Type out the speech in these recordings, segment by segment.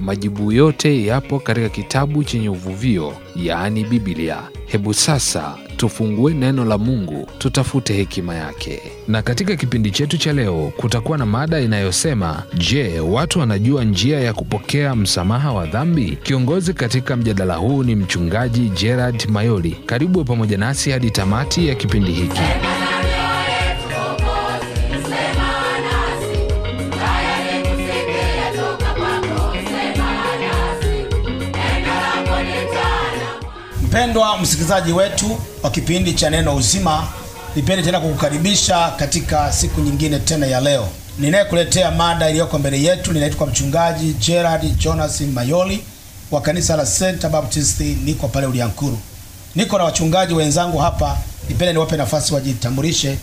Majibu yote yapo katika kitabu chenye uvuvio, yaani Biblia. Hebu sasa tufungue neno la Mungu, tutafute hekima yake. Na katika kipindi chetu cha leo kutakuwa na mada inayosema, je, watu wanajua njia ya kupokea msamaha wa dhambi? Kiongozi katika mjadala huu ni mchungaji Gerard Mayoli. Karibu pamoja nasi hadi tamati ya kipindi hiki. Mpendwa msikilizaji wetu wa kipindi cha Neno Uzima, nipende tena kukukaribisha katika siku nyingine tena ya leo. Ninayekuletea mada iliyoko mbele yetu ninaitwa Mchungaji Gerard Jonas Mayoli wa kanisa la Center Baptist, niko pale Uliankuru. Niko na wachungaji wenzangu hapa, nipende niwape nafasi wajitambulishe.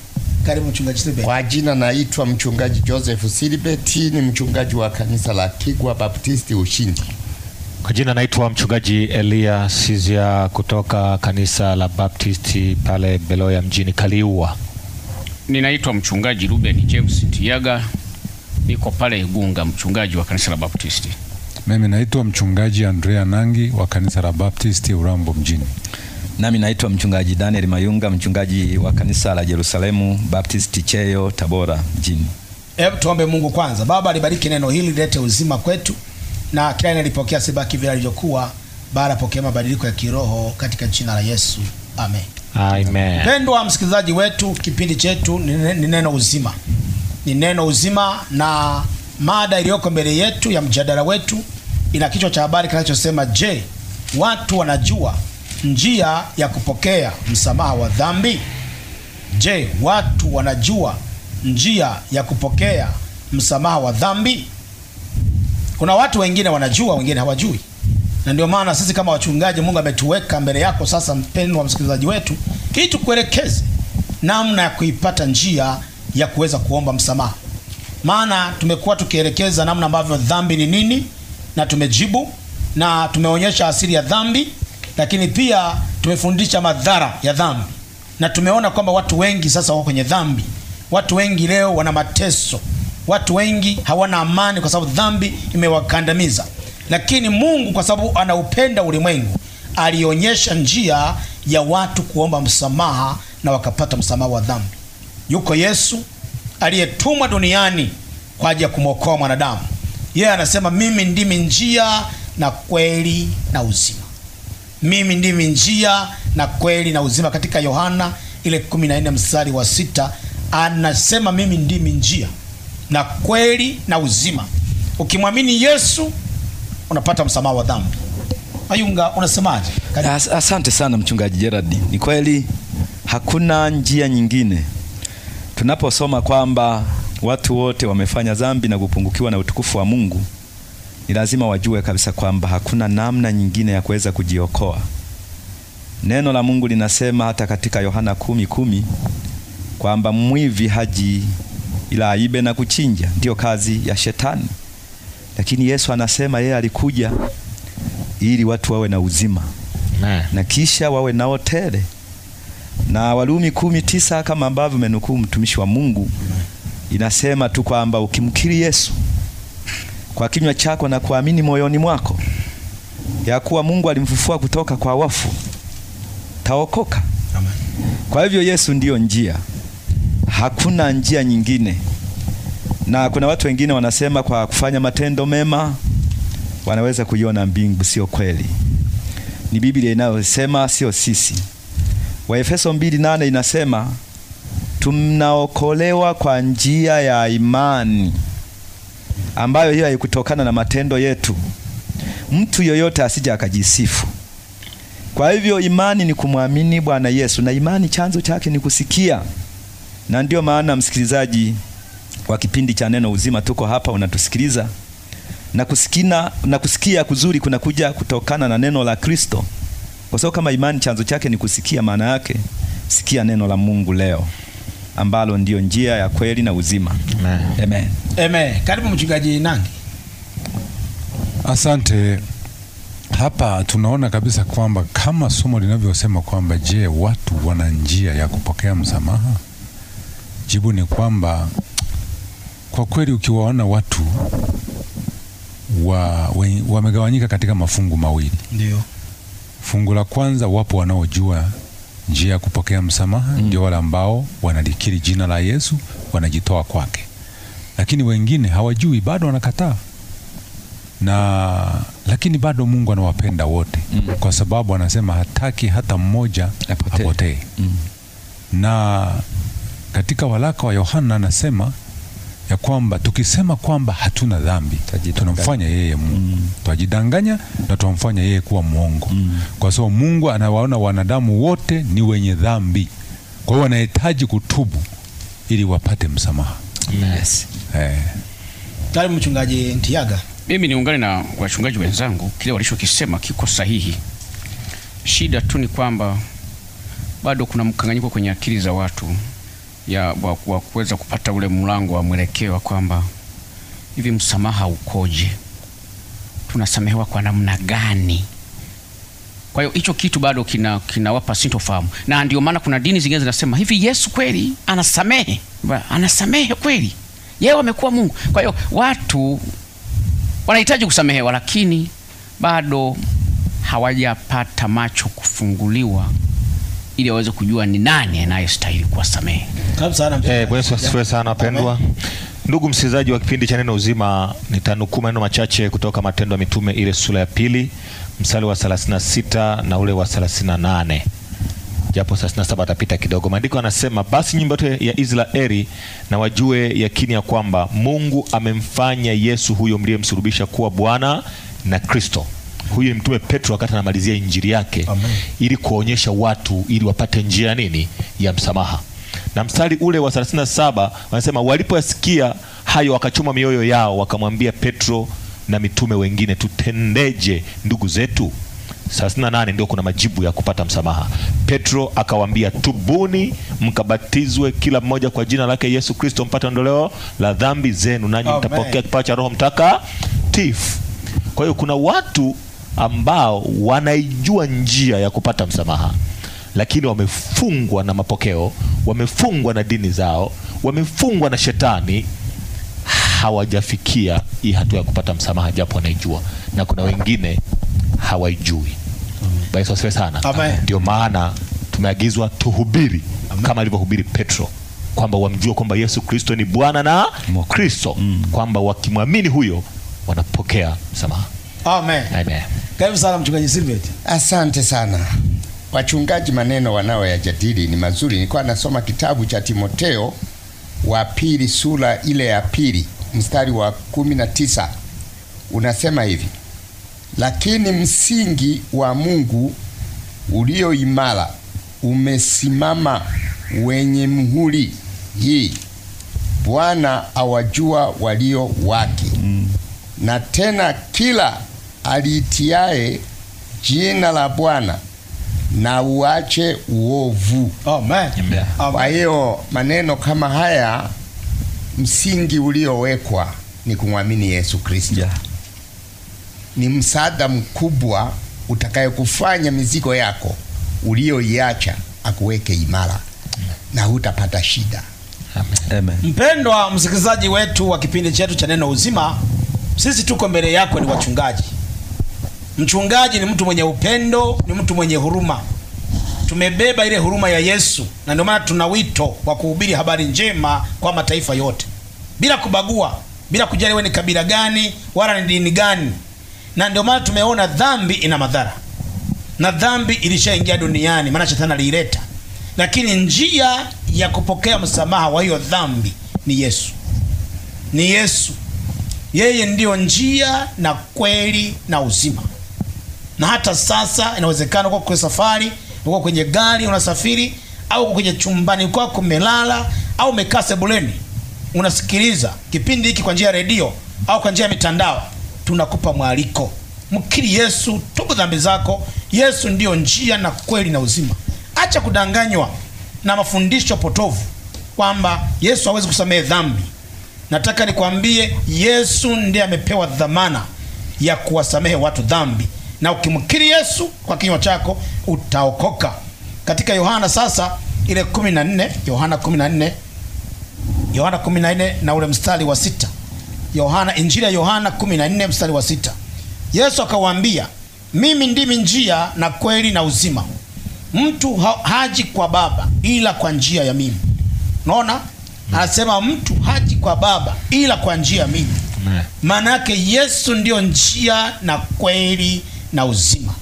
Karibu Mchungaji Silibet. Kwa jina naitwa Mchungaji Joseph Silibet, ni mchungaji wa kanisa la Kigwa Baptist Ushindi. Kwa jina naitwa mchungaji Elia Sizia kutoka kanisa la Baptisti pale Beloya mjini Kaliua. Ninaitwa mchungaji Ruben James Tiaga, niko pale Igunga, mchungaji wa kanisa la Baptisti. Mimi naitwa mchungaji Andrea Nangi wa kanisa la Baptisti Urambo mjini. Nami naitwa mchungaji Daniel Mayunga, mchungaji wa kanisa la Yerusalemu Baptisti Cheyo, Tabora mjini. Hebu tuombe Mungu kwanza. Baba, alibariki neno hili, lete uzima kwetu na kila nalipokea sibaki vile alivyokuwa, ya pokea mabadiliko ya kiroho katika jina la Yesu, amen. Amen. Pendwa msikilizaji wetu, kipindi chetu ni neno uzima, ni neno uzima, na mada iliyoko mbele yetu ya mjadala wetu ina kichwa cha habari kinachosema je, watu wanajua njia ya kupokea msamaha wa dhambi? Je, watu wanajua njia ya kupokea msamaha wa dhambi? Kuna watu wengine wanajua, wengine hawajui, na ndio maana sisi kama wachungaji, Mungu ametuweka mbele yako sasa, mpendwa msikilizaji wetu, ili tukuelekeze namna ya kuipata njia ya kuweza kuomba msamaha, maana tumekuwa tukielekeza namna ambavyo dhambi ni nini, na tumejibu na tumeonyesha asili ya dhambi, lakini pia tumefundisha madhara ya dhambi, na tumeona kwamba watu wengi sasa wako kwenye dhambi. Watu wengi leo wana mateso Watu wengi hawana amani kwa sababu dhambi imewakandamiza, lakini Mungu kwa sababu anaupenda ulimwengu alionyesha njia ya watu kuomba msamaha na wakapata msamaha wa dhambi. Yuko Yesu aliyetumwa duniani kwa ajili ya kumwokoa mwanadamu. Yeye anasema mimi ndimi njia na kweli na uzima, mimi ndimi njia na kweli na uzima. Katika Yohana ile 14 mstari wa sita anasema mimi ndimi njia na kweli na uzima. Ukimwamini Yesu unapata msamaha wa dhambi. Ayunga, unasemaje? As, asante sana mchungaji Gerard. Ni kweli hakuna njia nyingine. Tunaposoma kwamba watu wote wamefanya dhambi na kupungukiwa na utukufu wa Mungu, ni lazima wajue kabisa kwamba hakuna namna nyingine ya kuweza kujiokoa. Neno la Mungu linasema hata katika Yohana kumi kumi kwamba mwivi haji ila aibe na kuchinja, ndiyo kazi ya shetani. Lakini Yesu anasema yeye alikuja ili watu wawe na uzima na, na kisha wawe nao tele. Na Warumi kumi tisa kama ambavyo umenukuu mtumishi wa Mungu, inasema tu kwamba ukimkiri Yesu kwa kinywa chako na kuamini moyoni mwako ya kuwa Mungu alimfufua kutoka kwa wafu taokoka. Amen. Kwa hivyo Yesu ndiyo njia hakuna njia nyingine. Na kuna watu wengine wanasema kwa kufanya matendo mema wanaweza kuiona mbingu. Sio kweli, ni Biblia inayosema, sio sisi. Waefeso 2:8 inasema tunaokolewa kwa njia ya imani, ambayo hiyo haikutokana na matendo yetu, mtu yoyote asije akajisifu. Kwa hivyo imani ni kumwamini Bwana Yesu, na imani chanzo chake ni kusikia na ndio maana msikilizaji wa kipindi cha Neno Uzima, tuko hapa unatusikiliza na kusikina, na kusikia kuzuri kunakuja kutokana na neno la Kristo, kwa sababu kama imani chanzo chake ni kusikia, maana yake sikia neno la Mungu leo ambalo ndiyo njia ya kweli na uzima. Amen. Amen. Amen. Karibu mchungaji Nangi. Asante. Hapa tunaona kabisa kwamba kama somo linavyosema kwamba, je, watu wana njia ya kupokea msamaha? Jibu ni kwamba kwa kweli ukiwaona watu wa, wamegawanyika katika mafungu mawili. Ndio. Fungu la kwanza, wapo wanaojua njia ya kupokea msamaha mm. Ndio wale ambao wanalikiri jina la Yesu wanajitoa kwake, lakini wengine hawajui, bado wanakataa na lakini bado Mungu anawapenda wote mm. kwa sababu anasema hataki hata mmoja apotee mm. na katika walaka wa Yohana anasema ya kwamba tukisema kwamba hatuna dhambi tunamfanya yeye Mungu mm. twajidanganya na tunamfanya yeye kuwa mwongo mm. kwa sababu Mungu anawaona wanadamu wote ni wenye dhambi, kwa hiyo wanahitaji kutubu ili wapate msamaha. Yes. Eh. Tari mchungaji Ntiaga, mimi niungane na wachungaji wenzangu, kile walichokisema kiko sahihi. Shida tu ni kwamba bado kuna mkanganyiko kwenye akili za watu ya wa kuweza kupata ule mlango wa mwelekeo wa kwamba hivi msamaha ukoje, tunasamehewa kwa namna gani? Kwa hiyo hicho kitu bado kina kinawapa sintofahamu, na ndio maana kuna dini zingine zinasema hivi, Yesu kweli anasamehe? Anasamehe kweli, yeye amekuwa Mungu. Kwa hiyo watu wanahitaji kusamehewa, lakini bado hawajapata macho kufunguliwa ili waweze kujua ni nani anayestahili kuwasamehe. Eh, asifiwe sana wapendwa. Ndugu msikilizaji wa kipindi cha Neno Uzima, nitanukuu maneno machache kutoka Matendo ya Mitume ile sura ya pili mstari wa 36 na ule wa 38 japo 37 atapita kidogo. Maandiko anasema basi nyumba yote ya Israeli na wajue yakini ya kwamba Mungu amemfanya Yesu huyo mliyemsulubisha kuwa Bwana na Kristo huyu mtume Petro wakati anamalizia injili yake Amen. ili kuonyesha watu ili wapate njia nini ya msamaha na mstari ule wa 37 wanasema walipoyasikia hayo wakachoma mioyo yao, wakamwambia Petro na mitume wengine, tutendeje ndugu zetu? 38 ndio kuna majibu ya kupata msamaha. Petro akawaambia, tubuni mkabatizwe kila mmoja kwa jina lake Yesu Kristo mpate ondoleo la dhambi zenu, nanyi mtapokea kipawa cha Roho Mtakatifu. Kwa hiyo kuna watu ambao wanaijua njia ya kupata msamaha, lakini wamefungwa na mapokeo, wamefungwa na dini zao, wamefungwa na shetani, hawajafikia hii hatua ya kupata msamaha, japo wanaijua, na kuna wengine hawaijui. Basi wasiwe sana, ndio maana tumeagizwa tuhubiri Amen. Kama alivyohubiri Petro kwamba wamjue kwamba Yesu Kristo ni Bwana na Kristo, mm. kwamba wakimwamini huyo wanapokea msamaha. Amen. Amen. Karibu sana mchungaji Silvet. Asante sana. Wachungaji, maneno yajadili ni mazuri. Nilikuwa nasoma kitabu cha Timoteo wa pili sura ile ya pili mstari wa kumi na tisa unasema hivi: lakini msingi wa Mungu ulio imara umesimama, wenye muhuri hii, Bwana awajua walio wake. Mm. Na tena kila alitiae jina la Bwana na uache uovu. Amen. Kwa hiyo maneno kama haya, msingi uliowekwa ni kumwamini Yesu Kristo. Yeah. Ni msaada mkubwa utakayokufanya mizigo yako uliyoiacha akuweke imara na hutapata shida. Amen. Amen. Mpendwa msikilizaji wetu wa kipindi chetu cha Neno Uzima, sisi tuko mbele yako ni wachungaji Mchungaji ni mtu mwenye upendo, ni mtu mwenye huruma. Tumebeba ile huruma ya Yesu, na ndio maana tuna wito wa kuhubiri habari njema kwa mataifa yote bila kubagua, bila kujali wewe ni kabila gani wala ni dini gani. Na ndio maana tumeona dhambi ina madhara, na dhambi ilishaingia duniani, maana shetani aliileta, lakini njia ya kupokea msamaha wa hiyo dhambi ni Yesu, ni Yesu. Yeye ndiyo njia na kweli na uzima na hata sasa inawezekana uko kwenye safari, uko kwenye gari unasafiri, au uko kwenye chumbani kwako umelala, au umekaa sebuleni unasikiliza kipindi hiki kwa njia ya redio au kwa njia ya mitandao, tunakupa mwaliko, mkiri Yesu, tubu dhambi zako. Yesu ndiyo njia na kweli na uzima. Acha kudanganywa na mafundisho potovu kwamba Yesu hawezi kusamehe dhambi. Nataka nikwambie, Yesu ndiye amepewa dhamana ya kuwasamehe watu dhambi na ukimkiri Yesu kwa kinywa chako utaokoka. Katika Yohana sasa ile 14, Yohana 14, Yohana 14 na ule mstari wa sita. Yohana, Injili ya Yohana 14 mstari wa sita. Yesu akawaambia, mimi ndimi njia na kweli na uzima, mtu ha haji kwa Baba ila kwa njia ya mimi. Unaona, anasema mtu haji kwa Baba ila kwa njia ya mimi. Maana yake Yesu ndiyo njia na kweli na uzima.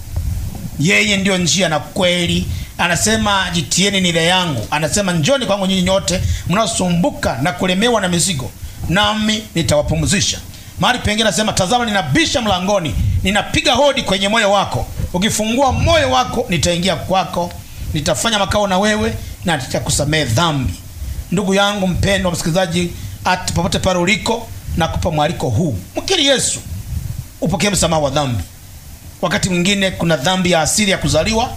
Yeye ndiyo njia na kweli. Anasema jitieni nira yangu, anasema njoni kwangu nyinyi nyote mnaosumbuka na kulemewa na mizigo, nami nitawapumzisha. Mahali pengine anasema tazama, ninabisha mlangoni, ninapiga hodi kwenye moyo wako. Ukifungua moyo wako, nitaingia kwako, nitafanya makao na wewe, na nitakusamehe dhambi. Ndugu yangu mpendwa, msikilizaji, popote pale uliko, nakupa mwaliko huu, mkiri Yesu, upokee msamaha wa dhambi. Wakati mwingine kuna dhambi ya asili ya kuzaliwa,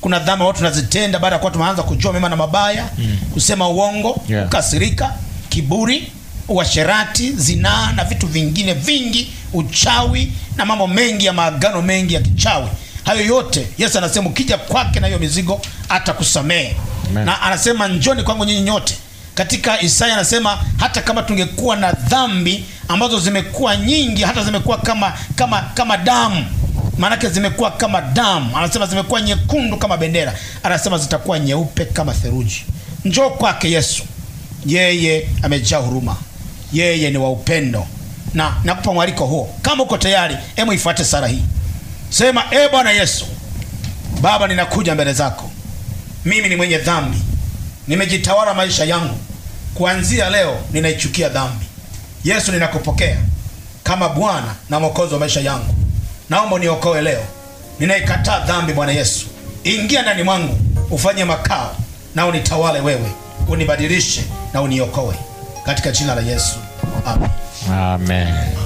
kuna dhambi ambazo tunazitenda baada ya kuwa tumeanza kujua mema na mabaya mm. kusema uongo yeah. kukasirika, kiburi, uasherati, zinaa na vitu vingine vingi, uchawi na mambo mengi ya maagano mengi ya kichawi. Hayo yote Yesu anasema ukija kwake na hiyo mizigo atakusamehe, na anasema njoni kwangu nyinyi nyote katika Isaya anasema hata kama tungekuwa na dhambi ambazo zimekuwa nyingi, hata zimekuwa kama kama kama damu, maanake zimekuwa kama damu, anasema zimekuwa nyekundu kama bendera, anasema zitakuwa nyeupe kama theruji. Njoo kwake Yesu, yeye amejaa huruma, yeye ni wa upendo, na nakupa mwaliko huo. Kama uko tayari, hebu ifuate sala hii, sema: E Bwana Yesu, Baba, ninakuja mbele zako, mimi ni mwenye dhambi, nimejitawala maisha yangu. Kuanzia leo ninaichukia dhambi. Yesu, ninakupokea kama Bwana na Mwokozi wa maisha yangu naomba uniokoe leo. Ninaikataa dhambi, Bwana Yesu, ingia ndani mwangu, ufanye makao na unitawale wewe, unibadilishe na uniokoe katika jina la Yesu, amen, amen.